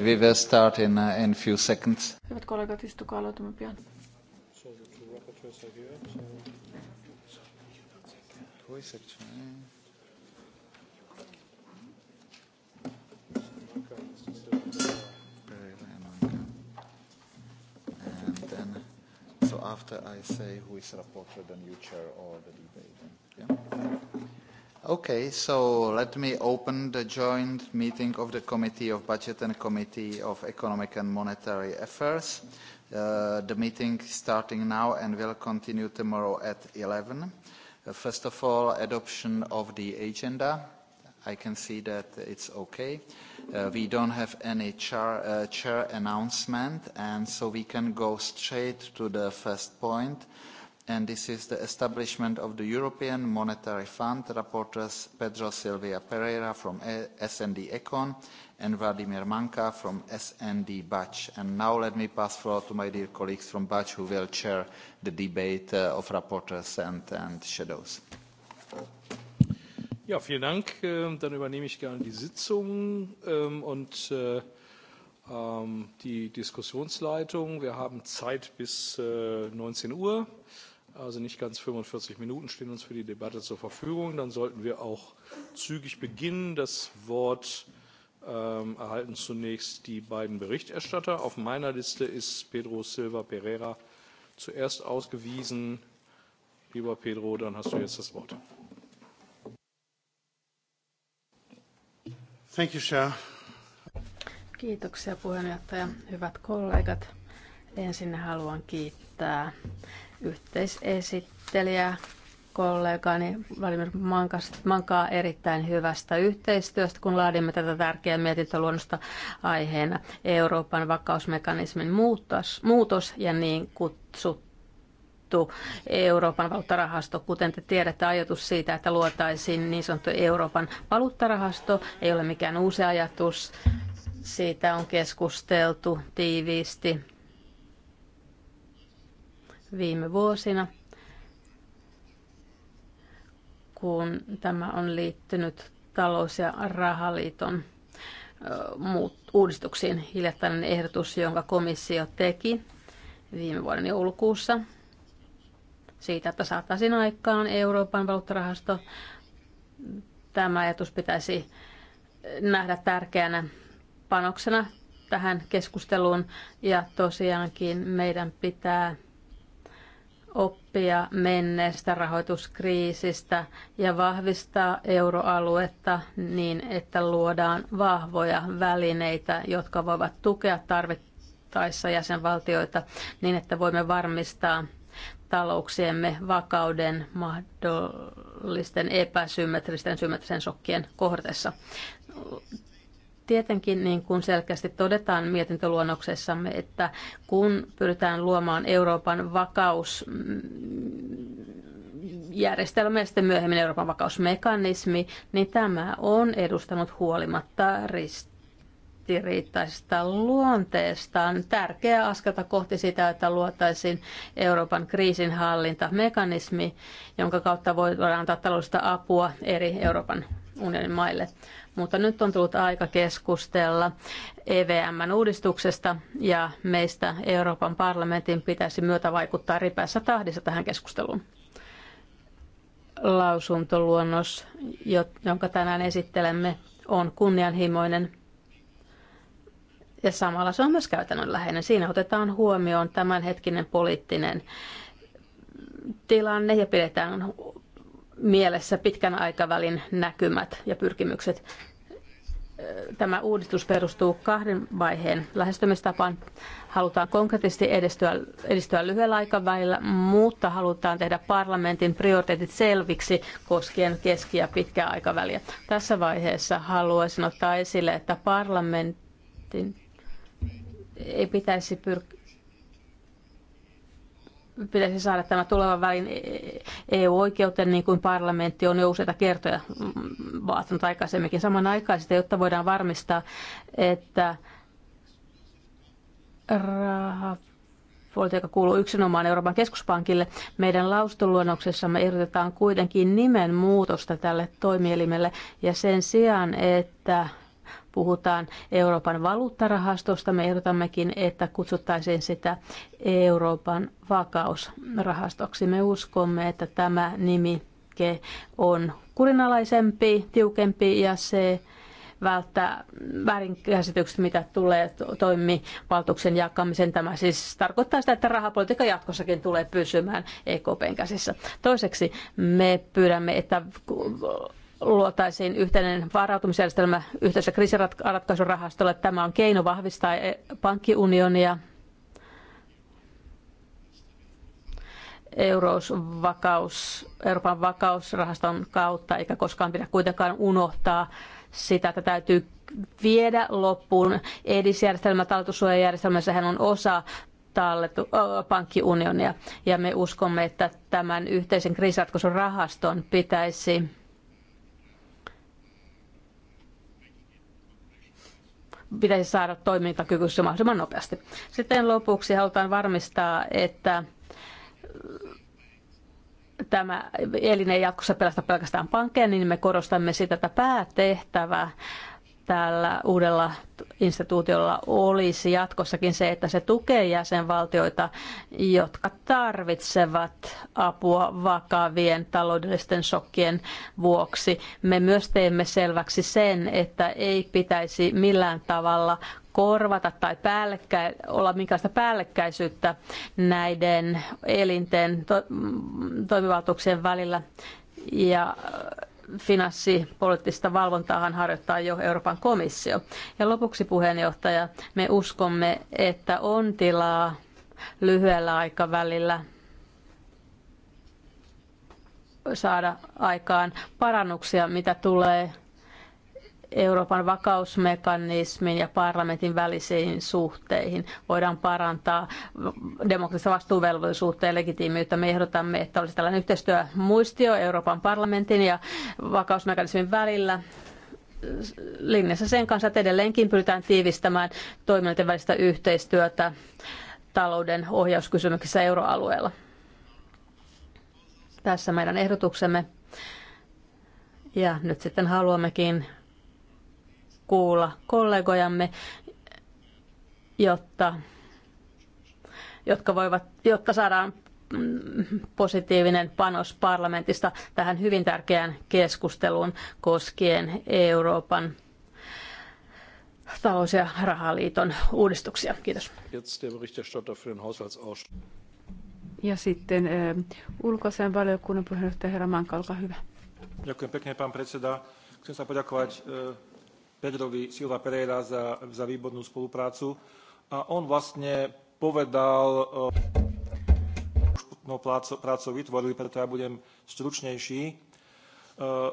We will start in, uh, in few seconds. Hyvät kollegat, istukaa aloitamme pian. And then, so after I say who is rapporteur, then you chair all the debate. Yeah? Okay, so let me open the joint meeting of the Committee of Budget and Committee of Economic and Monetary Affairs. Uh, the meeting starting now and will continue tomorrow at 11. Uh, first of all, adoption of the agenda. I can see that it's okay. Uh, we don't have any chair, uh, chair announcement, and so we can go straight to the first point, and this is the establishment of the European Monetary Fund, rapporteurs Pedro silva Pereira from e, SND Econ and Vladimir maka from SND Batch. And now let me pass floor to my dear colleagues from Batch who will chair the debate uh, of rapporteurs and, and shadows. Ja, vielen Dank. Ähm, dann übernehme ich gerne die Sitzung ähm, und äh, ähm, die Diskussionsleitung. Wir haben Zeit bis 19 äh, Uhr also nicht ganz 45 Minuten stehen uns für die Debatte zur Verfügung. Dann sollten wir auch zügig beginnen. Das Wort ähm, erhalten zunächst die beiden Berichterstatter. Auf meiner Liste ist Pedro Silva Pereira zuerst ausgewiesen. Lieber Pedro, dann hast du jetzt das Wort. Thank you, Chair. Kiitoksia puheenjohtaja. Hyvät kollegat, ensin haluan kiittää yhteisesittelijä kollegani Vladimir Mankaa erittäin hyvästä yhteistyöstä, kun laadimme tätä tärkeää mietintöluonnosta aiheena Euroopan vakausmekanismin muutos, muutos ja niin kutsuttu Euroopan valuuttarahasto. Kuten te tiedätte, ajatus siitä, että luotaisiin niin sanottu Euroopan valuuttarahasto, ei ole mikään uusi ajatus. Siitä on keskusteltu tiiviisti viime vuosina, kun tämä on liittynyt talous- ja rahaliiton muut uudistuksiin. Hiljattainen ehdotus, jonka komissio teki viime vuoden joulukuussa siitä, että saataisiin aikaan Euroopan valuuttarahasto. Tämä ajatus pitäisi nähdä tärkeänä panoksena tähän keskusteluun ja tosiaankin meidän pitää oppia menneestä rahoituskriisistä ja vahvistaa euroaluetta niin, että luodaan vahvoja välineitä, jotka voivat tukea tarvittaessa jäsenvaltioita niin, että voimme varmistaa talouksiemme vakauden mahdollisten epäsymmetristen symmetrisen sokkien kohdessa. Tietenkin, niin kuin selkeästi todetaan mietintöluonnoksessamme, että kun pyritään luomaan Euroopan vakaus mm, järjestelmä ja sitten myöhemmin Euroopan vakausmekanismi, niin tämä on edustanut huolimatta ristiriitaisesta luonteestaan tärkeä askelta kohti sitä, että luotaisiin Euroopan kriisinhallintamekanismi, jonka kautta voidaan antaa taloudellista apua eri Euroopan unionin maille. Mutta nyt on tullut aika keskustella EVMn uudistuksesta ja meistä Euroopan parlamentin pitäisi myötä vaikuttaa ripässä tahdissa tähän keskusteluun. Lausuntoluonnos, jonka tänään esittelemme, on kunnianhimoinen ja samalla se on myös käytännönläheinen. Siinä otetaan huomioon tämänhetkinen poliittinen tilanne ja pidetään mielessä pitkän aikavälin näkymät ja pyrkimykset. Tämä uudistus perustuu kahden vaiheen lähestymistapaan. Halutaan konkreettisesti edistyä, edistyä lyhyellä aikavälillä, mutta halutaan tehdä parlamentin prioriteetit selviksi koskien keski- ja pitkää aikaväliä. Tässä vaiheessa haluaisin ottaa esille, että parlamentin ei pitäisi pyrkiä pitäisi saada tämä tuleva välin EU-oikeuteen, niin kuin parlamentti on jo useita kertoja vaatinut aikaisemminkin samanaikaisesti, jotta voidaan varmistaa, että rahapolitiikka kuuluu yksinomaan Euroopan keskuspankille. Meidän laustoluonnoksessamme ehdotetaan kuitenkin nimen muutosta tälle toimielimelle ja sen sijaan, että puhutaan Euroopan valuuttarahastosta, me ehdotammekin, että kutsuttaisiin sitä Euroopan vakausrahastoksi. Me uskomme, että tämä nimi on kurinalaisempi, tiukempi ja se välttää väärinkäsitykset, mitä tulee toimivaltuuksien jakamisen. Tämä siis tarkoittaa sitä, että rahapolitiikka jatkossakin tulee pysymään EKPn käsissä. Toiseksi me pyydämme, että luotaisiin yhteinen varautumisjärjestelmä yhteisessä kriisiratkaisurahastolla. Tämä on keino vahvistaa e- pankkiunionia. eurosvakaus Euroopan vakausrahaston kautta, eikä koskaan pidä kuitenkaan unohtaa sitä, että täytyy viedä loppuun edisjärjestelmä, talletussuojajärjestelmä, sehän on osa talletu, äh, pankkiunionia. Ja me uskomme, että tämän yhteisen kriisiratkaisun rahaston pitäisi pitäisi saada toimintakykyssä mahdollisimman nopeasti. Sitten lopuksi halutaan varmistaa, että tämä elin ei jatkossa pelasta pelkästään pankkeja, niin me korostamme sitä, että päätehtävä tällä uudella instituutiolla olisi jatkossakin se, että se tukee jäsenvaltioita, jotka tarvitsevat apua vakavien taloudellisten shokkien vuoksi. Me myös teemme selväksi sen, että ei pitäisi millään tavalla korvata tai päällekkä, olla minkälaista päällekkäisyyttä näiden elinten to, toimivaltuuksien välillä. Ja finanssipoliittista valvontaahan harjoittaa jo Euroopan komissio. Ja lopuksi puheenjohtaja, me uskomme, että on tilaa lyhyellä aikavälillä saada aikaan parannuksia, mitä tulee Euroopan vakausmekanismin ja parlamentin välisiin suhteihin. Voidaan parantaa demokratista vastuuvelvollisuutta ja legitiimiyttä. Me ehdotamme, että olisi tällainen yhteistyömuistio Euroopan parlamentin ja vakausmekanismin välillä linjassa sen kanssa, että edelleenkin pyritään tiivistämään toimijoiden välistä yhteistyötä talouden ohjauskysymyksissä euroalueella. Tässä meidän ehdotuksemme. Ja nyt sitten haluammekin kuulla kollegojamme, jotta, jotka voivat, jotta saadaan mm, positiivinen panos parlamentista tähän hyvin tärkeään keskusteluun koskien Euroopan talous- ja rahaliiton uudistuksia. Kiitos. Ja sitten äh, ulkoisen valiokunnan puheenjohtaja Herra Manka, olkaa hyvä. Ďakujem pekne, pán predseda. Chcem sa poďakovať äh, Pedrovi Silva Pereira za, za výbornú spoluprácu. A on vlastne povedal, šputnou e, prácou vytvorili, preto ja budem stručnejší. E,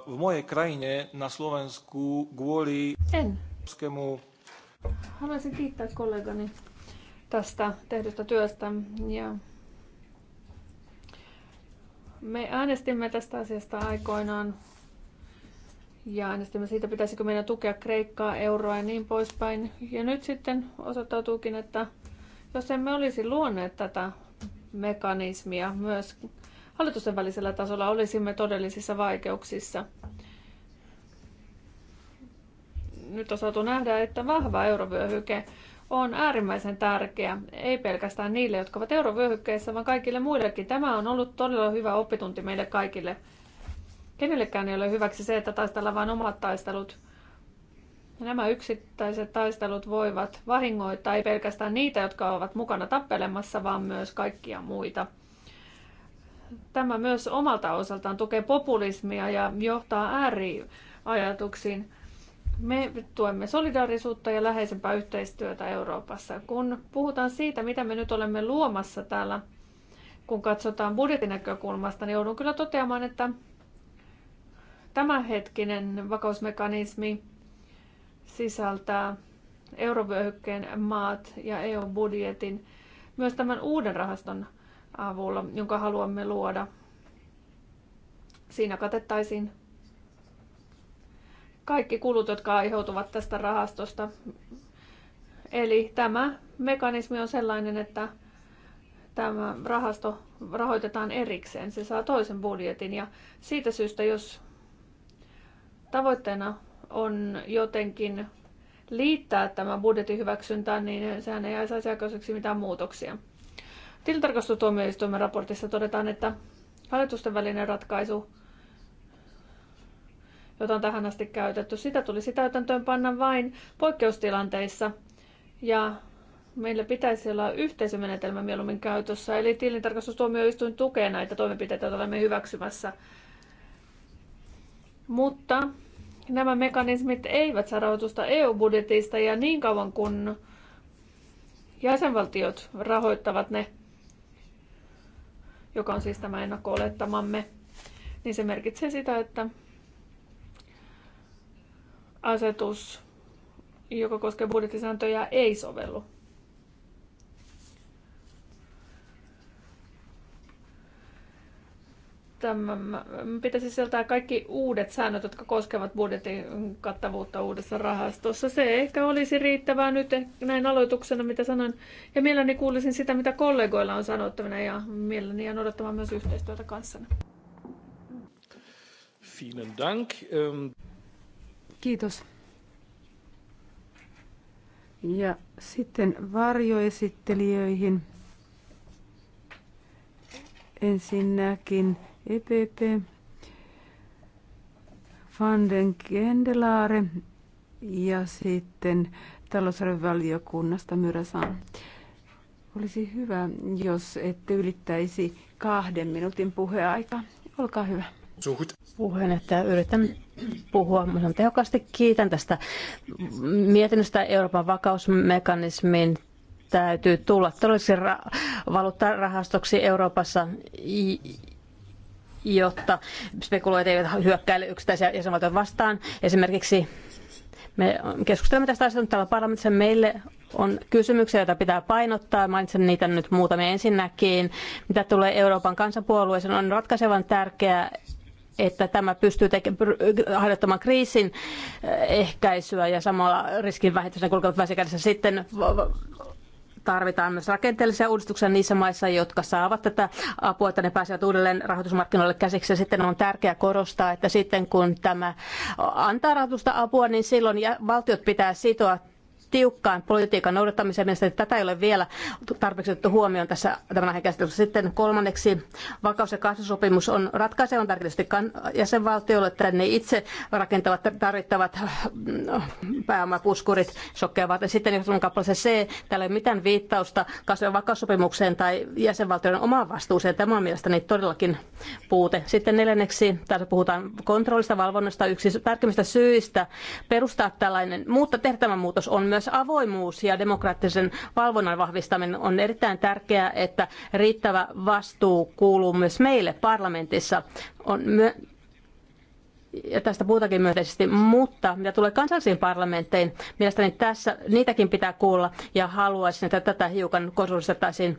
v mojej krajine na Slovensku kvôli en. Haluaisin kiittää kollegani tästä tehdystä työstä ja me äänestimme tästä asiasta aikoinaan ja äänestimme siitä, pitäisikö meidän tukea Kreikkaa, euroa ja niin poispäin. Ja nyt sitten osoittautuukin, että jos emme olisi luoneet tätä mekanismia myös hallitusten välisellä tasolla, olisimme todellisissa vaikeuksissa. Nyt on saatu nähdä, että vahva eurovyöhyke on äärimmäisen tärkeä, ei pelkästään niille, jotka ovat eurovyöhykkeessä, vaan kaikille muillekin. Tämä on ollut todella hyvä oppitunti meille kaikille. Kenellekään ei ole hyväksi se, että taistellaan vain omat taistelut. Ja nämä yksittäiset taistelut voivat vahingoittaa ei pelkästään niitä, jotka ovat mukana tappelemassa, vaan myös kaikkia muita. Tämä myös omalta osaltaan tukee populismia ja johtaa ääriajatuksiin. Me tuemme solidaarisuutta ja läheisempää yhteistyötä Euroopassa. Kun puhutaan siitä, mitä me nyt olemme luomassa täällä, kun katsotaan budjetinäkökulmasta, niin joudun kyllä toteamaan, että tämänhetkinen vakausmekanismi sisältää eurovyöhykkeen maat ja EU-budjetin myös tämän uuden rahaston avulla, jonka haluamme luoda. Siinä katettaisiin kaikki kulut, jotka aiheutuvat tästä rahastosta. Eli tämä mekanismi on sellainen, että tämä rahasto rahoitetaan erikseen. Se saa toisen budjetin ja siitä syystä, jos tavoitteena on jotenkin liittää tämä budjetin hyväksyntään, niin sehän ei saisi aikaiseksi mitään muutoksia. Tilintarkastustuomioistuimen raportissa todetaan, että hallitusten välinen ratkaisu, jota on tähän asti käytetty, sitä tulisi täytäntöön panna vain poikkeustilanteissa. Ja meillä pitäisi olla yhteisömenetelmä mieluummin käytössä, eli tilintarkastustuomioistuin tukee näitä toimenpiteitä, joita olemme hyväksymässä mutta nämä mekanismit eivät saa rahoitusta EU-budjetista ja niin kauan kun jäsenvaltiot rahoittavat ne, joka on siis tämä ennakko niin se merkitsee sitä, että asetus, joka koskee budjettisääntöjä, ei sovellu. Tämä pitäisi sieltä kaikki uudet säännöt, jotka koskevat budjetin kattavuutta uudessa rahastossa. Se ehkä olisi riittävää nyt eh, näin aloituksena, mitä sanoin. Ja mielelläni kuulisin sitä, mitä kollegoilla on sanottavana ja mielelläni jään odottamaan myös yhteistyötä kanssana. Vielen Dank. Ähm, Kiitos. Ja sitten varjoesittelijöihin. Ensinnäkin EPP, Van den Kendelaare ja sitten talousarviovaliokunnasta Myräsan. Olisi hyvä, jos ette ylittäisi kahden minuutin puheaikaa. Olkaa hyvä. Suhut. että yritän puhua mahdollisimman tehokkaasti. Kiitän tästä mietinnöstä Euroopan vakausmekanismin täytyy tulla todelliseksi ra- valuuttarahastoksi Euroopassa jotta spekuloita eivät hyökkäile yksittäisiä jäsenvaltioita vastaan. Esimerkiksi me keskustelemme tästä asiasta täällä parlamentissa. Meille on kysymyksiä, joita pitää painottaa. Mainitsen niitä nyt muutamia ensinnäkin. Mitä tulee Euroopan kansanpuolueeseen, on ratkaisevan tärkeää, että tämä pystyy teke- harjoittamaan kriisin eh, ehkäisyä ja samalla riskin vähentämisen kulkevat väsikädessä sitten tarvitaan myös rakenteellisia uudistuksia niissä maissa, jotka saavat tätä apua, että ne pääsevät uudelleen rahoitusmarkkinoille käsiksi. Ja sitten on tärkeää korostaa, että sitten kun tämä antaa rahoitusta apua, niin silloin valtiot pitää sitoa tiukkaan politiikan noudattamiseen. Mielestäni tätä ei ole vielä tarpeeksi otettu huomioon tässä tämän aiheen käsittelyssä. Sitten kolmanneksi vakaus- ja kasvusopimus on ratkaisevan tärkeästi jäsenvaltioille, että ne itse rakentavat tarvittavat mm, pääomapuskurit sokkeavat. Sitten jos on kappale C, täällä ei ole mitään viittausta kasvu- ja vakaussopimukseen tai jäsenvaltioiden omaan vastuuseen. Tämä on mielestäni todellakin puute. Sitten neljänneksi, tässä puhutaan kontrollista valvonnasta, yksi tärkeimmistä syistä perustaa tällainen, mutta tehdä tämä muutos on myös myös avoimuus ja demokraattisen valvonnan vahvistaminen on erittäin tärkeää, että riittävä vastuu kuuluu myös meille parlamentissa. On my- ja tästä puhutaankin myönteisesti, mutta mitä tulee kansallisiin parlamentteihin, mielestäni tässä niitäkin pitää kuulla ja haluaisin, että tätä hiukan kosulustettaisiin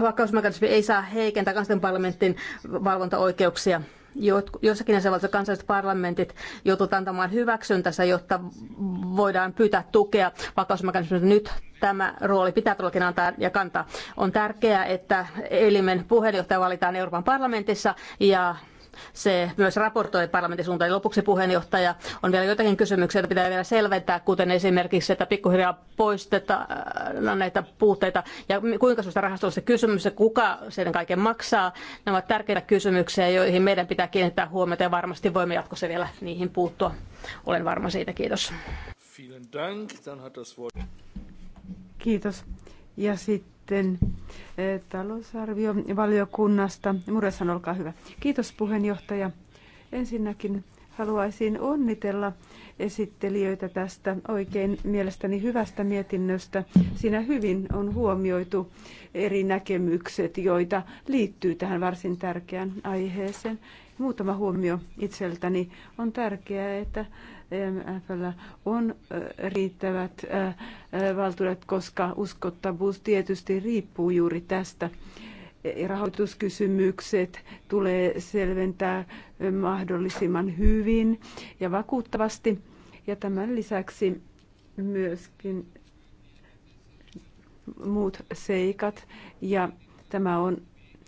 vakausmekanismi ei saa heikentää kansallisen parlamentin valvontaoikeuksia jossakin jäsenvaltiossa kansalliset parlamentit joutuvat antamaan hyväksyntänsä, jotta voidaan pyytää tukea vakausmekanismista. Nyt tämä rooli pitää todellakin antaa ja kantaa. On tärkeää, että elimen puheenjohtaja valitaan Euroopan parlamentissa ja se myös raportoi parlamentin suuntaan. lopuksi puheenjohtaja, on vielä jotakin kysymyksiä, joita pitää vielä selventää, kuten esimerkiksi, että pikkuhiljaa poistetaan näitä puutteita ja kuinka susta rahastosta kysymys ja kuka sen kaiken maksaa. Nämä ovat tärkeitä kysymyksiä, joihin meidän pitää kiinnittää huomiota ja varmasti voimme jatkossa vielä niihin puuttua. Olen varma siitä. Kiitos. Kiitos. Ja sitten sitten eh, talousarviovaliokunnasta. Muressan, olkaa hyvä. Kiitos puheenjohtaja. Ensinnäkin haluaisin onnitella esittelijöitä tästä oikein mielestäni hyvästä mietinnöstä. Siinä hyvin on huomioitu eri näkemykset, joita liittyy tähän varsin tärkeään aiheeseen. Muutama huomio itseltäni. On tärkeää, että EMFllä on riittävät valtuudet, koska uskottavuus tietysti riippuu juuri tästä e, rahoituskysymykset tulee selventää mahdollisimman hyvin ja vakuuttavasti. Ja tämän lisäksi myöskin muut seikat. Ja tämä on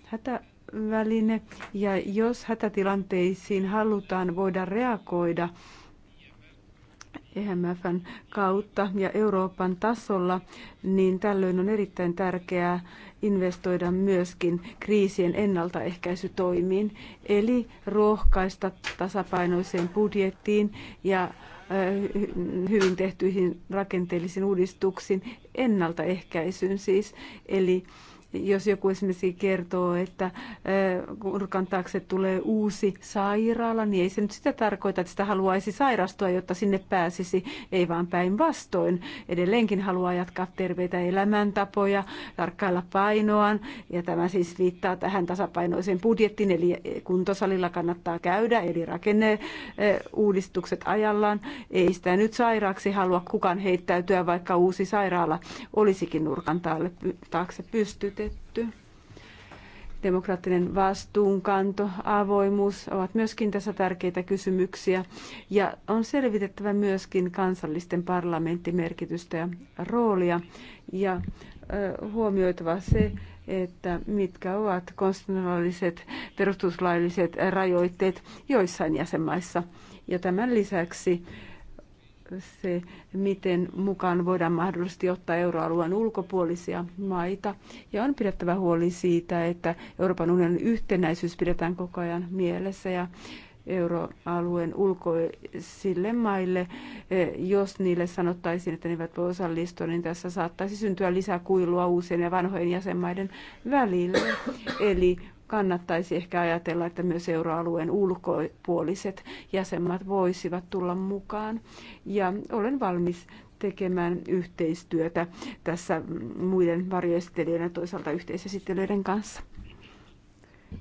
hätä tiedotusväline. ja jos hätätilanteisiin halutaan voida reagoida EMFn kautta ja Euroopan tasolla, niin tällöin on erittäin tärkeää investoida myöskin kriisien ennaltaehkäisytoimiin, eli rohkaista tasapainoiseen budjettiin ja hyvin tehtyihin rakenteellisiin uudistuksiin, ennaltaehkäisyyn siis, eli jos joku esimerkiksi kertoo, että urkan taakse tulee uusi sairaala, niin ei se nyt sitä tarkoita, että sitä haluaisi sairastua, jotta sinne pääsisi, ei vaan päinvastoin. Edelleenkin haluaa jatkaa terveitä elämäntapoja, tarkkailla painoaan, ja tämä siis viittaa tähän tasapainoiseen budjettiin, eli kuntosalilla kannattaa käydä, eli rakenne uudistukset ajallaan. Ei sitä nyt sairaaksi halua kukaan heittäytyä, vaikka uusi sairaala olisikin nurkan taakse pystytetty esitetty. Demokraattinen vastuunkanto, avoimuus ovat myöskin tässä tärkeitä kysymyksiä. Ja on selvitettävä myöskin kansallisten parlamenttimerkitystä ja roolia. Ja huomioitava se, että mitkä ovat konstitutionaaliset perustuslailliset rajoitteet joissain jäsenmaissa. Ja tämän lisäksi se, miten mukaan voidaan mahdollisesti ottaa euroalueen ulkopuolisia maita. Ja on pidettävä huoli siitä, että Euroopan unionin yhtenäisyys pidetään koko ajan mielessä ja euroalueen ulkoisille maille, e, jos niille sanottaisiin, että ne eivät voi osallistua, niin tässä saattaisi syntyä lisää kuilua uusien ja vanhojen jäsenmaiden välille. Eli kannattaisi ehkä ajatella, että myös euroalueen ulkopuoliset jäsenmaat voisivat tulla mukaan. Ja olen valmis tekemään yhteistyötä tässä muiden varjoesittelijöiden ja toisaalta yhteisesittelijöiden kanssa.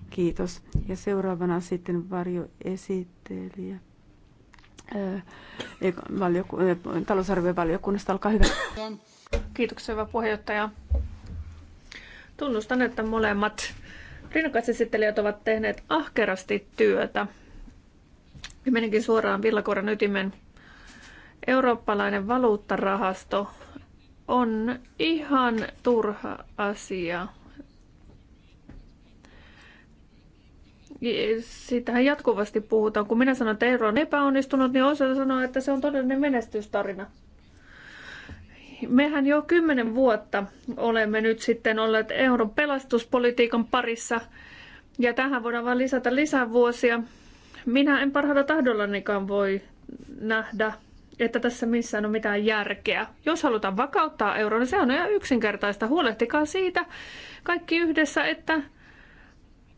Kiitos. Ja seuraavana sitten varjoesittelijä. Valioku- talousarviovaliokunnasta, olkaa hyvä. Kiitoksia, hyvä puheenjohtaja. Tunnustan, että molemmat Rinnakkaisesittelijät ovat tehneet ahkerasti työtä. Ja meninkin suoraan villakoran ytimen. Eurooppalainen valuuttarahasto on ihan turha asia. Siitähän jatkuvasti puhutaan. Kun minä sanon, että euro on epäonnistunut, niin osa sanoo, että se on todellinen menestystarina. Mehän jo kymmenen vuotta olemme nyt sitten olleet euron pelastuspolitiikan parissa ja tähän voidaan vain lisätä lisää vuosia. Minä en parhaalla tahdollanikaan voi nähdä, että tässä missään on mitään järkeä. Jos halutaan vakauttaa euron, niin se on ihan yksinkertaista. Huolehtikaa siitä kaikki yhdessä, että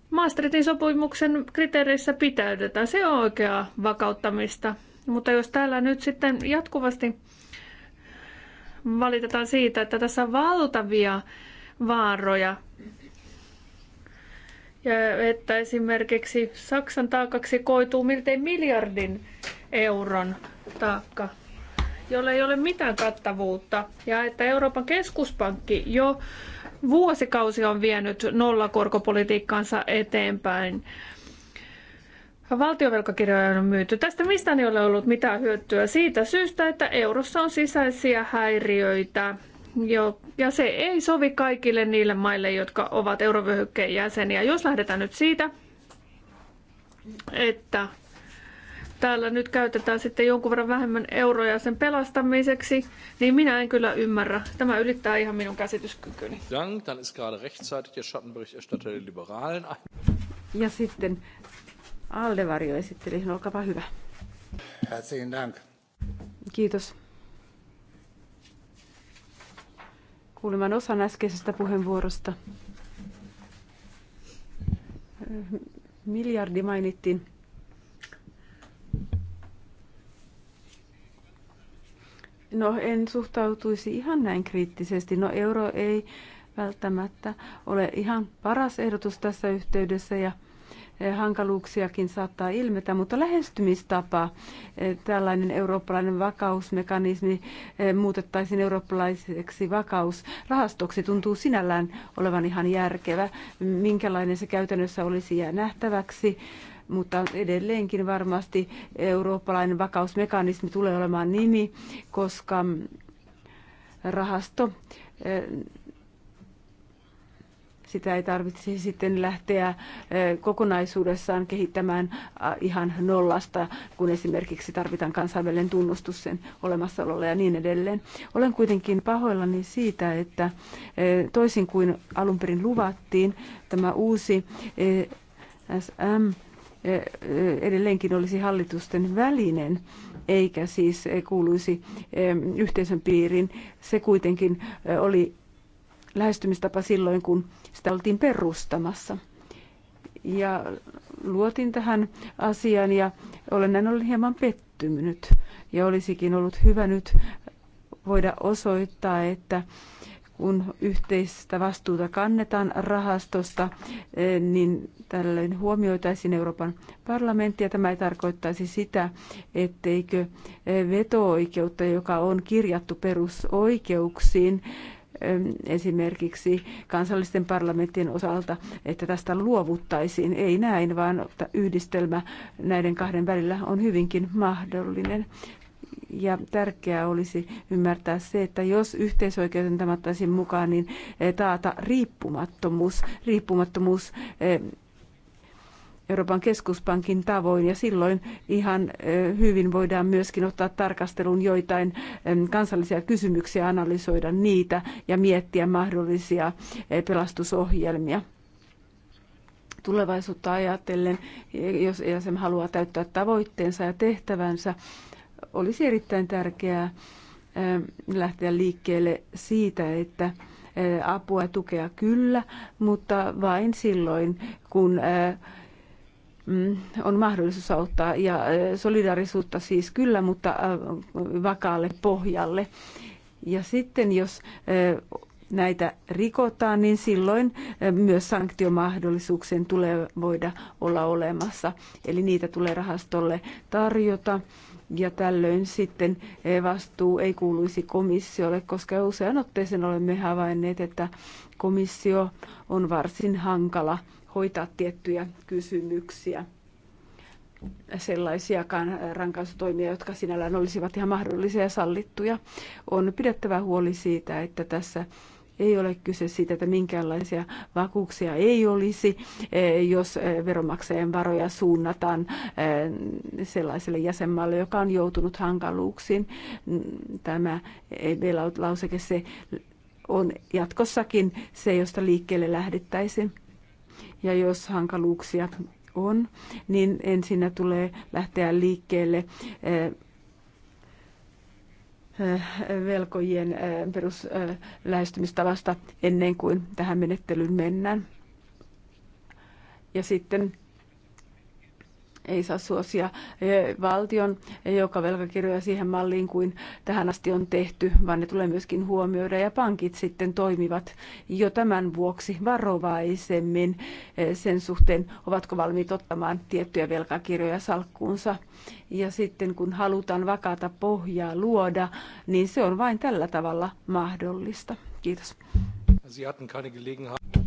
Maastritin sopimuksen kriteereissä pitäydetään. Se on oikeaa vakauttamista. Mutta jos täällä nyt sitten jatkuvasti valitetaan siitä, että tässä on valtavia vaaroja. Ja että esimerkiksi Saksan taakaksi koituu miltei miljardin euron taakka, jolle ei ole mitään kattavuutta. Ja että Euroopan keskuspankki jo vuosikausi on vienyt nollakorkopolitiikkaansa eteenpäin. Valtiovelkakirjoja on myyty. Tästä mistään ei ole ollut mitään hyötyä siitä syystä, että eurossa on sisäisiä häiriöitä. Jo, ja se ei sovi kaikille niille maille, jotka ovat eurovyöhykkeen jäseniä. Jos lähdetään nyt siitä, että täällä nyt käytetään sitten jonkun verran vähemmän euroja sen pelastamiseksi, niin minä en kyllä ymmärrä. Tämä ylittää ihan minun käsityskykyni. Ja sitten Aldevarjo esitteli. No olkaapa hyvä. Dank. Kiitos. Kuuleman osan äskeisestä puheenvuorosta. Miljardi mainittiin. No en suhtautuisi ihan näin kriittisesti. No euro ei välttämättä ole ihan paras ehdotus tässä yhteydessä ja Eh, hankaluuksiakin saattaa ilmetä, mutta lähestymistapa, eh, tällainen eurooppalainen vakausmekanismi eh, muutettaisiin eurooppalaiseksi vakausrahastoksi, tuntuu sinällään olevan ihan järkevä. Minkälainen se käytännössä olisi jää nähtäväksi mutta edelleenkin varmasti eurooppalainen vakausmekanismi tulee olemaan nimi, koska rahasto sitä ei tarvitse sitten lähteä eh, kokonaisuudessaan kehittämään ihan nollasta, kun esimerkiksi tarvitaan kansainvälinen tunnustus sen olemassaololle ja niin edelleen. Olen kuitenkin pahoillani siitä, että eh, toisin kuin alun perin luvattiin, tämä uusi eh, SM edelleenkin olisi hallitusten välinen, eikä siis kuuluisi yhteisön piiriin. Se kuitenkin oli lähestymistapa silloin, kun sitä oltiin perustamassa. Ja luotin tähän asiaan ja olen näin ollut hieman pettynyt. Ja olisikin ollut hyvä nyt voida osoittaa, että kun yhteistä vastuuta kannetaan rahastosta, niin tällöin huomioitaisiin Euroopan parlamentti ja tämä ei tarkoittaisi sitä, etteikö veto-oikeutta, joka on kirjattu perusoikeuksiin, esimerkiksi kansallisten parlamenttien osalta, että tästä luovuttaisiin. Ei näin, vaan yhdistelmä näiden kahden välillä on hyvinkin mahdollinen. Ja tärkeää olisi ymmärtää se, että jos yhteisoikeuden tämättäisiin mukaan, niin e, taata riippumattomuus. Riippumattomuus e, Euroopan keskuspankin tavoin ja silloin ihan hyvin voidaan myöskin ottaa tarkasteluun joitain kansallisia kysymyksiä, analysoida niitä ja miettiä mahdollisia pelastusohjelmia tulevaisuutta ajatellen, e, jos ESM haluaa täyttää tavoitteensa ja tehtävänsä, olisi erittäin tärkeää lähteä liikkeelle siitä, että apua ja tukea kyllä, mutta vain silloin, kun Mm, on mahdollisuus auttaa ja solidarisuutta siis kyllä, mutta vakaalle pohjalle. Ja sitten jos näitä rikotaan, niin silloin myös sanktiomahdollisuuksien tulee voida olla olemassa. Eli niitä tulee rahastolle tarjota ja tällöin sitten vastuu ei kuuluisi komissiolle, koska usean otteeseen olemme havainneet, että komissio on varsin hankala hoitaa tiettyjä kysymyksiä sellaisiakaan rankaisutoimia, jotka sinällään olisivat ihan mahdollisia ja sallittuja. On pidettävä huoli siitä, että tässä ei ole kyse siitä, että minkäänlaisia vakuuksia ei olisi, eh, jos eh, veronmaksajien varoja suunnataan eh, sellaiselle jäsenmaalle, joka on joutunut hankaluuksiin. Mm, tämä lauseke se on jatkossakin se, josta liikkeelle lähdettäisiin ja jos hankaluuksia on, niin ensinnä tulee lähteä liikkeelle eh, eh, velkojien eh, peruslähestymistavasta ennen kuin tähän menettelyyn mennään. Ja sitten ei saa suosia e, valtion, e, joka velkakirjoja siihen malliin kuin tähän asti on tehty, vaan ne tulee myöskin huomioida ja pankit sitten toimivat jo tämän vuoksi varovaisemmin e, sen suhteen, ovatko valmiit ottamaan tiettyjä velkakirjoja salkkuunsa. Ja sitten kun halutaan vakata pohjaa luoda, niin se on vain tällä tavalla mahdollista. Kiitos. Sie hatten keine Gelegenheit.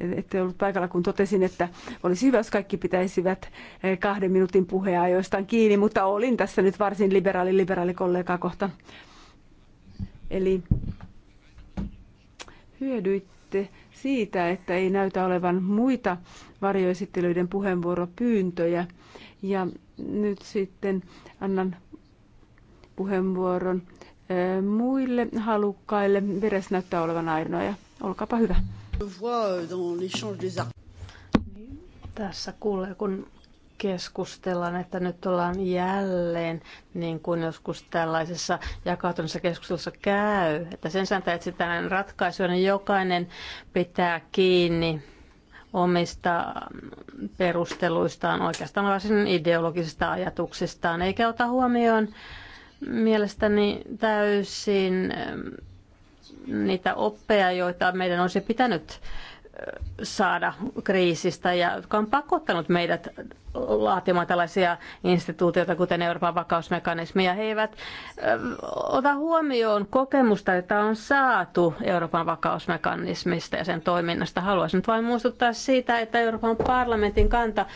ette ollut paikalla, kun totesin, että olisi hyvä, jos kaikki pitäisivät eh, kahden minuutin puheajoistaan kiinni, mutta olin tässä nyt varsin liberaali, liberaali kollegaa kohta. Eli hyödyitte siitä, että ei näytä olevan muita varjoesittelyiden puheenvuoropyyntöjä. Ja nyt sitten annan puheenvuoron eh, muille halukkaille. Veres näyttää olevan ainoa ja olkaapa hyvä. Euh, Tässä kuulee, kun keskustellaan, että nyt ollaan jälleen, niin kuin joskus tällaisessa jakautuneessa keskustelussa käy, että sen sijaan, että etsitään ratkaisuja, niin jokainen pitää kiinni omista perusteluistaan, oikeastaan varsin ideologisista ajatuksistaan, eikä ota huomioon mielestäni täysin niitä oppeja, joita meidän olisi pitänyt saada kriisistä ja jotka on pakottanut meidät laatimaan tällaisia instituutioita, kuten Euroopan vakausmekanismia. He eivät ota huomioon kokemusta, että on saatu Euroopan vakausmekanismista ja sen toiminnasta. Haluaisin nyt vain muistuttaa siitä, että Euroopan parlamentin kanta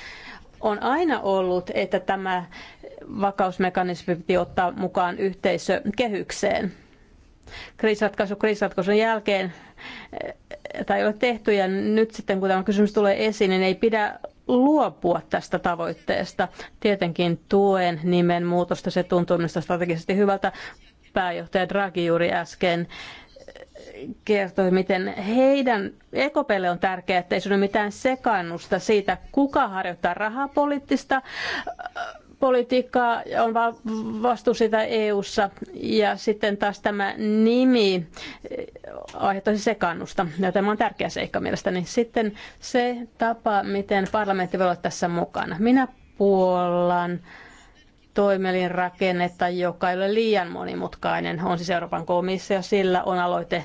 on aina ollut, että tämä vakausmekanismi piti ottaa mukaan yhteisökehykseen kriisiratkaisu kriisiratkaisun jälkeen eh, tai ei ole tehty ja nyt sitten kun tämä kysymys tulee esiin, niin ei pidä luopua tästä tavoitteesta. Tietenkin tuen nimen muutosta, se tuntuu minusta strategisesti hyvältä. Pääjohtaja Draghi juuri äsken eh, kertoi, miten heidän ekopelle on tärkeää, että ei synny mitään sekannusta siitä, kuka harjoittaa rahapoliittista eh, politiikkaa on vastuu sitä EU-ssa ja sitten taas tämä nimi eh, aiheuttaisi sekannusta. Ja tämä on tärkeä seikka mielestäni. Sitten se tapa, miten parlamentti voi olla tässä mukana. Minä puollan toimelin rakennetta, joka ei ole liian monimutkainen. On siis Euroopan komissio, sillä on aloite eh,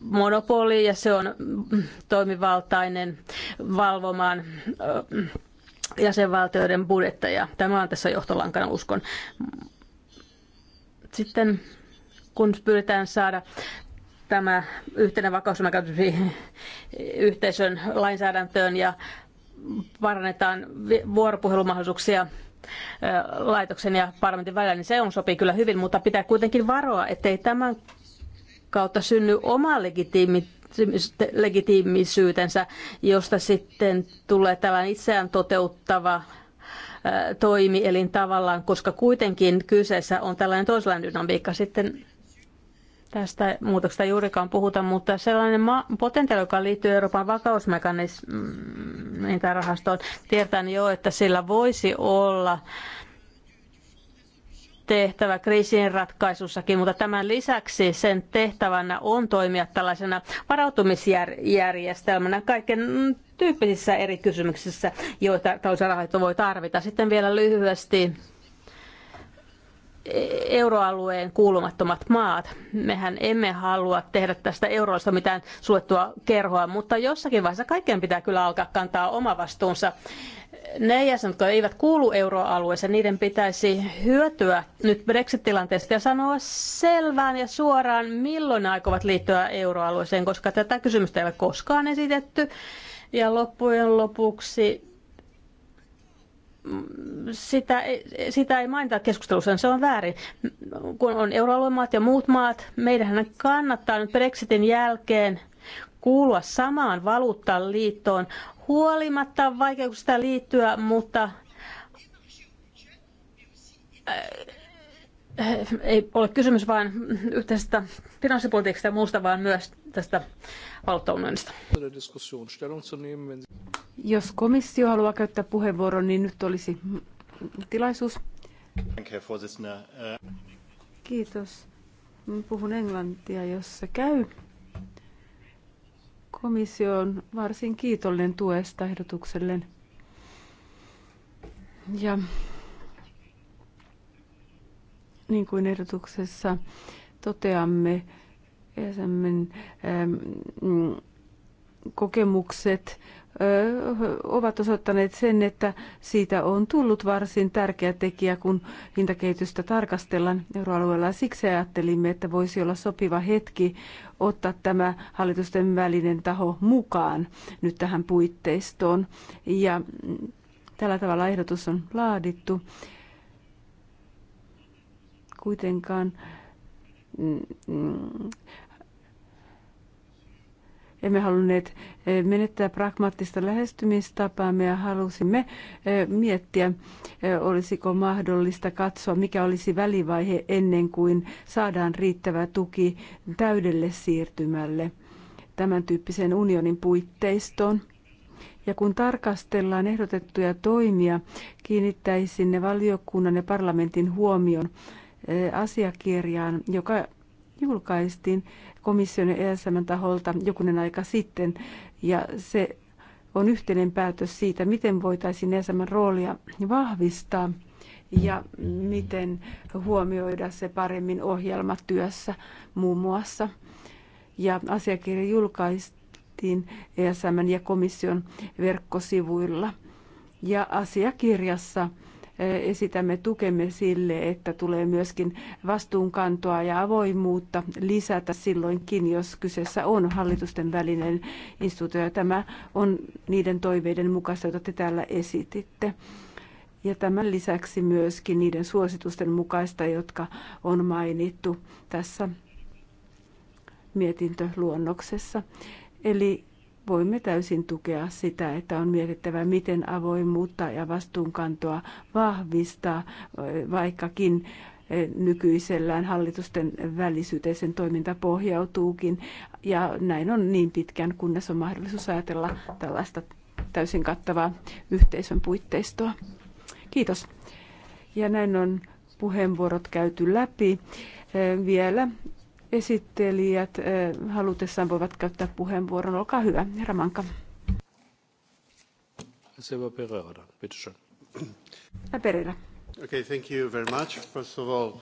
monopoli ja se on mm, toimivaltainen valvomaan jäsenvaltioiden budjetteja. Tämä on tässä johtolankana, uskon. Sitten kun pyritään saada tämä yhteinen vakaus yhteisön lainsäädäntöön ja parannetaan vuoropuhelumahdollisuuksia laitoksen ja parlamentin välillä, niin se on sopii kyllä hyvin, mutta pitää kuitenkin varoa, ettei tämän kautta synny oma legitiimi, legitiimisyytensä, josta sitten tulee tällainen itseään toteuttava toimielin tavallaan, koska kuitenkin kyseessä on tällainen toisenlainen dynamiikka sitten tästä muutoksesta juurikaan puhuta, mutta sellainen ma- potentiaali, joka liittyy Euroopan vakausmekanismiin tai rahastoon, tietää jo, että sillä voisi olla tehtävä kriisien ratkaisussakin, mutta tämän lisäksi sen tehtävänä on toimia tällaisena varautumisjärjestelmänä kaiken tyyppisissä eri kysymyksissä, joita talousrahoitto voi tarvita. Sitten vielä lyhyesti euroalueen kuulumattomat maat. Mehän emme halua tehdä tästä euroista mitään suljettua kerhoa, mutta jossakin vaiheessa kaikkien pitää kyllä alkaa kantaa oma vastuunsa ne jäsenet, jotka eivät kuulu euroalueeseen, niiden pitäisi hyötyä nyt Brexit-tilanteesta ja sanoa selvään ja suoraan, milloin ne aikovat liittyä euroalueeseen, koska tätä kysymystä ei ole koskaan esitetty. Ja loppujen lopuksi mm, sitä, sitä ei mainita keskustelussa, se on väärin. Kun on euroaluemaat ja muut maat, meidän kannattaa nyt Brexitin jälkeen kuulua samaan valuuttaliittoon. Huolimatta vaikeuksista liittyä, mutta äh, ei ole kysymys vain yhteisestä finanssipolitiikasta ja muusta, vaan myös tästä valuuttaunionista. Jos komissio haluaa käyttää puheenvuoron, niin nyt olisi tilaisuus. Äh, Kiitos. Puhun englantia, jos se käy. Komissio on varsin kiitollinen tuesta ehdotukselleen. Ja niin kuin ehdotuksessa toteamme, ESMn mm, kokemukset ovat osoittaneet sen, että siitä on tullut varsin tärkeä tekijä, kun hintakehitystä tarkastellaan euroalueella. Siksi ajattelimme, että voisi olla sopiva hetki ottaa tämä hallitusten välinen taho mukaan nyt tähän puitteistoon. Ja tällä tavalla ehdotus on laadittu. Kuitenkaan mm, mm, emme halunneet eh, menettää pragmaattista lähestymistapaa me halusimme eh, miettiä, eh, olisiko mahdollista katsoa, mikä olisi välivaihe ennen kuin saadaan riittävä tuki täydelle siirtymälle tämän tyyppisen unionin puitteistoon. Ja kun tarkastellaan ehdotettuja toimia, kiinnittäisin ne valiokunnan ja parlamentin huomion asiakirjaan, joka julkaistiin komission ja esm taholta jokunen aika sitten, ja se on yhteinen päätös siitä, miten voitaisiin esm roolia vahvistaa ja miten huomioida se paremmin ohjelmatyössä muun muassa. Ja asiakirja julkaistiin ESM ja komission verkkosivuilla. Ja asiakirjassa esitämme tukemme sille, että tulee myöskin vastuunkantoa ja avoimuutta lisätä silloinkin, jos kyseessä on hallitusten välinen instituutio. Ja tämä on niiden toiveiden mukaista, joita te täällä esititte. Ja tämän lisäksi myöskin niiden suositusten mukaista, jotka on mainittu tässä mietintöluonnoksessa. Eli voimme täysin tukea sitä, että on mietittävä, miten avoimuutta ja vastuunkantoa vahvistaa, vaikkakin eh, nykyisellään hallitusten välisyyteisen toiminta pohjautuukin. Ja näin on niin pitkään, kunnes on mahdollisuus ajatella tällaista täysin kattavaa yhteisön puitteistoa. Kiitos. Ja näin on puheenvuorot käyty läpi. Eh, vielä esittelijät halutessaan voivat käyttää puheenvuoron. Olkaa hyvä, herra Manka. Silva Pereira, bitteschön. Pereira. Okay, thank you very much. First of all.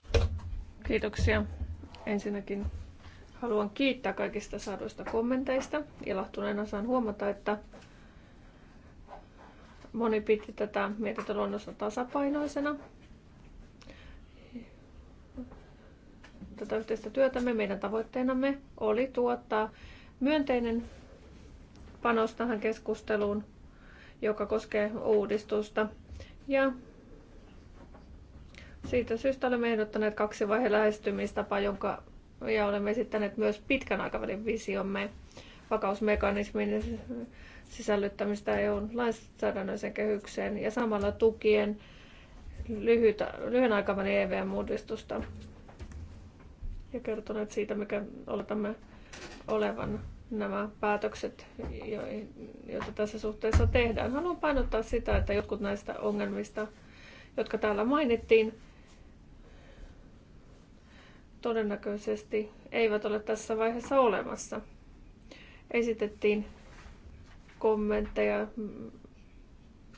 Kiitoksia. Ensinnäkin haluan kiittää kaikista saaduista kommenteista. Ilahtuneena saan huomata, että moni piti tätä mietintöluonnosta tasapainoisena arvokasta yhteistä työtämme. Meidän tavoitteenamme oli tuottaa myönteinen panos tähän keskusteluun, joka koskee uudistusta. Ja siitä syystä olemme ehdottaneet kaksi vaihe lähestymistapaa, jonka ja olemme esittäneet myös pitkän aikavälin visiomme vakausmekanismin sisällyttämistä EUn lainsäädännölliseen kehykseen ja samalla tukien lyhyt, lyhyen aikavälin EVM-uudistusta ja kertoneet siitä, mikä oletamme olevan nämä päätökset, joita tässä suhteessa tehdään. Haluan painottaa sitä, että jotkut näistä ongelmista, jotka täällä mainittiin, todennäköisesti eivät ole tässä vaiheessa olemassa. Esitettiin kommentteja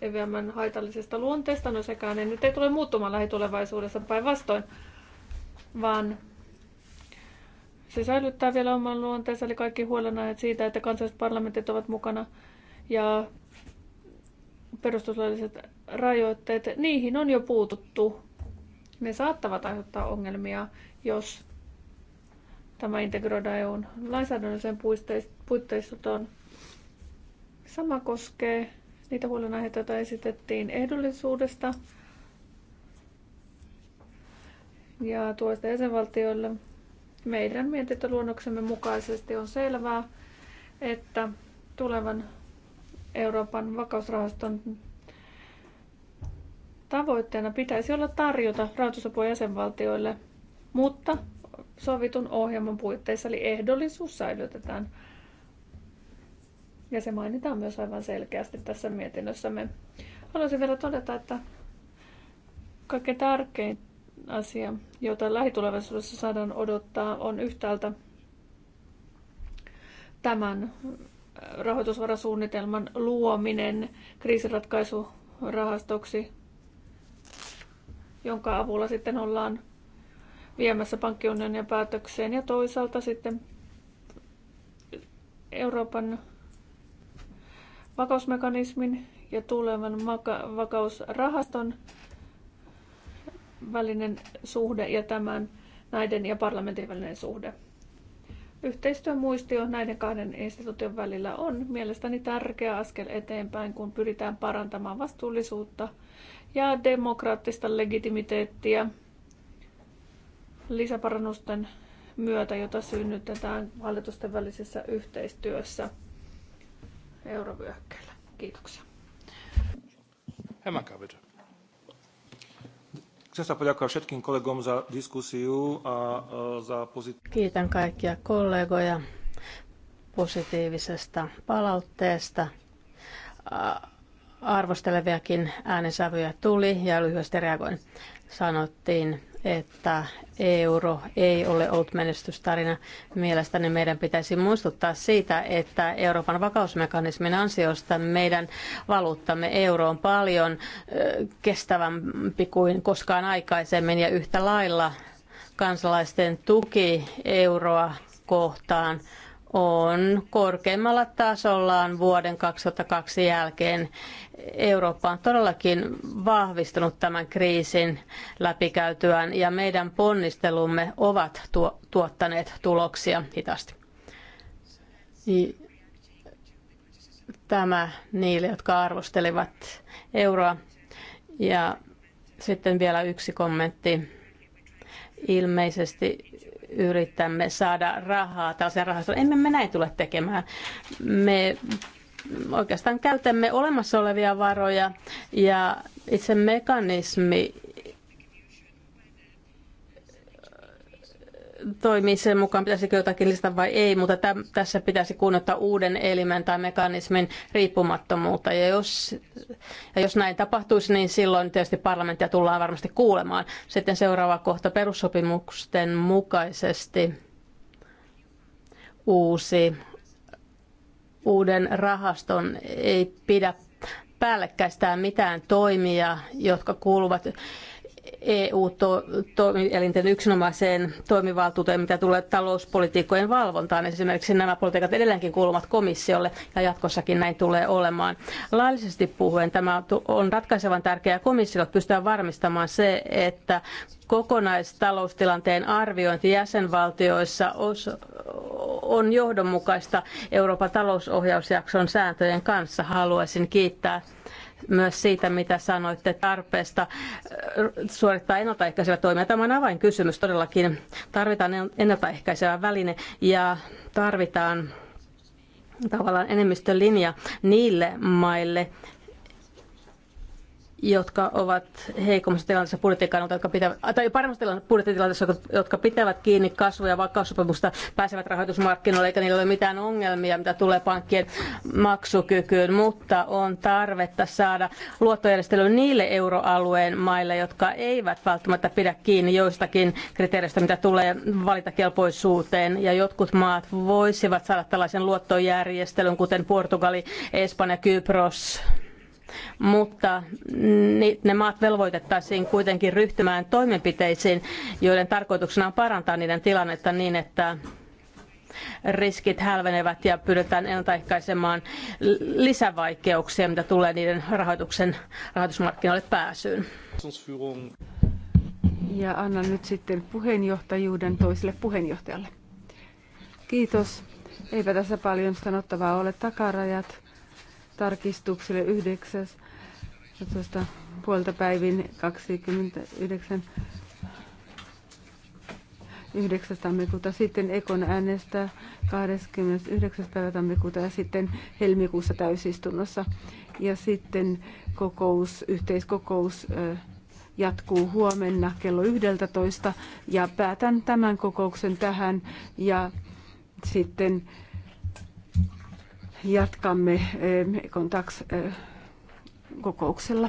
EVMn haitallisesta luonteesta, no sekään ei nyt ei tule muuttumaan lähitulevaisuudessa päinvastoin, vaan se säilyttää vielä oman luonteensa, eli kaikki huolenaiheet siitä, että kansalliset parlamentit ovat mukana ja perustuslailliset rajoitteet, niihin on jo puututtu. Ne saattavat aiheuttaa ongelmia, jos tämä integroidaan EUn lainsäädännölliseen puitteistoon. Sama koskee niitä huolenaiheita, joita esitettiin ehdollisuudesta ja tuosta jäsenvaltioille. Meidän mietintöluonnoksemme mukaisesti on selvää, että tulevan Euroopan vakausrahaston tavoitteena pitäisi olla tarjota rahoitusapua jäsenvaltioille, mutta sovitun ohjelman puitteissa, eli ehdollisuus säilytetään. Ja se mainitaan myös aivan selkeästi tässä mietinnössämme. Haluaisin vielä todeta, että kaikkein tärkein asia, jota lähitulevaisuudessa saadaan odottaa, on yhtäältä tämän rahoitusvarasuunnitelman luominen kriisiratkaisurahastoksi, jonka avulla sitten ollaan viemässä pankkiunionia päätökseen ja toisaalta sitten Euroopan vakausmekanismin ja tulevan vakausrahaston välinen suhde ja tämän näiden ja parlamentin välinen suhde. Yhteistyömuistio näiden kahden instituution välillä on mielestäni tärkeä askel eteenpäin, kun pyritään parantamaan vastuullisuutta ja demokraattista legitimiteettiä lisäparannusten myötä, jota synnytetään hallitusten välisessä yhteistyössä eurovyöhykkeellä. Kiitoksia. Hämäkävity. Chcem sa poďakovať všetkým kolegom za diskusiu a za pozitívne. Kiitän kaikkia kollegoja positiivisesta palautteesta. Arvosteleviakin äänensävyjä tuli ja lyhyesti reagoin. Sanottiin että euro ei ole ollut menestystarina. Mielestäni meidän pitäisi muistuttaa siitä, että Euroopan vakausmekanismin ansiosta meidän valuuttamme euro on paljon kestävämpi kuin koskaan aikaisemmin ja yhtä lailla kansalaisten tuki euroa kohtaan on korkeimmalla tasollaan vuoden 2002 jälkeen. Eurooppa on todellakin vahvistunut tämän kriisin läpikäytyään ja meidän ponnistelumme ovat tuo, tuottaneet tuloksia hitaasti. Tämä niille, jotka arvostelivat euroa. Ja sitten vielä yksi kommentti. Ilmeisesti yritämme saada rahaa tällaisen rahaston. Emme me näin tule tekemään. Me oikeastaan käytämme olemassa olevia varoja ja itse mekanismi toimii sen mukaan, pitäisikö jotakin lisätä vai ei, mutta täm, tässä pitäisi kunnioittaa uuden elimen tai mekanismin riippumattomuutta. Ja jos, ja jos näin tapahtuisi, niin silloin tietysti parlamenttia tullaan varmasti kuulemaan. Sitten seuraava kohta perussopimusten mukaisesti uusi uuden rahaston ei pidä päällekkäistää mitään toimia, jotka kuuluvat EU-toimielinten yksinomaiseen toimivaltuuteen, mitä tulee talouspolitiikkojen valvontaan. Esimerkiksi nämä politiikat edelleenkin kuuluvat komissiolle ja jatkossakin näin tulee olemaan. Laillisesti puhuen tämä on ratkaisevan tärkeää komissiolle pystyä varmistamaan se, että kokonaistaloustilanteen arviointi jäsenvaltioissa on johdonmukaista Euroopan talousohjausjakson sääntöjen kanssa. Haluaisin kiittää myös siitä, mitä sanoitte tarpeesta äh, suorittaa ennaltaehkäisevä toimia. Tämä on avainkysymys todellakin. Tarvitaan ennaltaehkäisevä väline ja tarvitaan tavallaan enemmistön linja niille maille, jotka ovat heikommassa tilanteessa kannalta, jotka pitävät, tai paremmassa budjettitilanteessa, jotka pitävät kiinni kasvu- ja vakaussopimusta, pääsevät rahoitusmarkkinoille, eikä niillä ole mitään ongelmia, mitä tulee pankkien maksukykyyn, mutta on tarvetta saada luottojärjestelyä niille euroalueen maille, jotka eivät välttämättä pidä kiinni joistakin kriteereistä, mitä tulee valita kelpoisuuteen, ja jotkut maat voisivat saada tällaisen luottojärjestelyn, kuten Portugali, Espanja, Kypros, mutta ne maat velvoitettaisiin kuitenkin ryhtymään toimenpiteisiin, joiden tarkoituksena on parantaa niiden tilannetta niin, että riskit hälvenevät ja pyritään ennaltaehkäisemään lisävaikeuksia, mitä tulee niiden rahoituksen, rahoitusmarkkinoille pääsyyn. Ja annan nyt sitten puheenjohtajuuden toiselle puheenjohtajalle. Kiitos. Eipä tässä paljon sanottavaa ole takarajat tarkistukselle 9. puolta päivin 29. 9. tammikuuta, sitten Ekon äänestää 29. päivä tammikuuta ja sitten helmikuussa täysistunnossa. Ja sitten kokous, yhteiskokous jatkuu huomenna kello 11 ja päätän tämän kokouksen tähän ja sitten jatkamme kontaks eh, eh, kokouksella.